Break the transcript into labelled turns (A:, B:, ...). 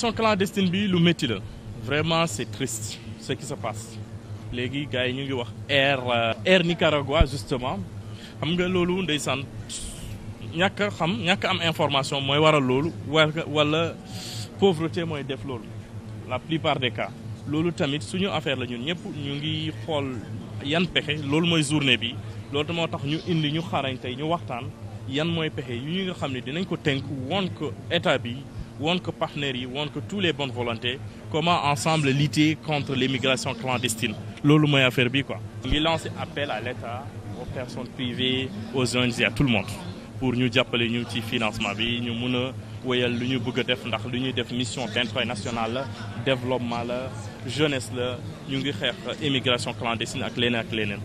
A: son clandestine bi lu métti la vraiment c'est triste ce qui se passe léegi gars yi ñu ngi wax air euh, air Nicaragua justement xam nga loolu ndeysaan ñàkk xam ñàkk am information mooy waral loolu wala pauvreté mooy def loolu la plupart des cas loolu tamit suñu affaire la ñun ñëpp ñu ngi xool yan pexe loolu mooy journée bi loolu moo tax ñu indi ñu xarañ tey ñu waxtaan yan mooy pexe yu ñu nga xam ne dinañ ko tënk woon ko état bi woon ko partenaires yi woon ko tous les bonnes volontés comment ensemble lutter contre l'immigration clandestine loolu mooy affaire bi ko ngi lancer appel à l'État aux personnes privées aux ONG à tout le monde pour ñu jàppale ñu ci financement bi ñu mun a wéyal lu ñu bëgg a def ndax lu ñuy def mission d'intérêt national développement la jeunesse la ñu ngi xeex immigration clandestine ak leneen ak leneen.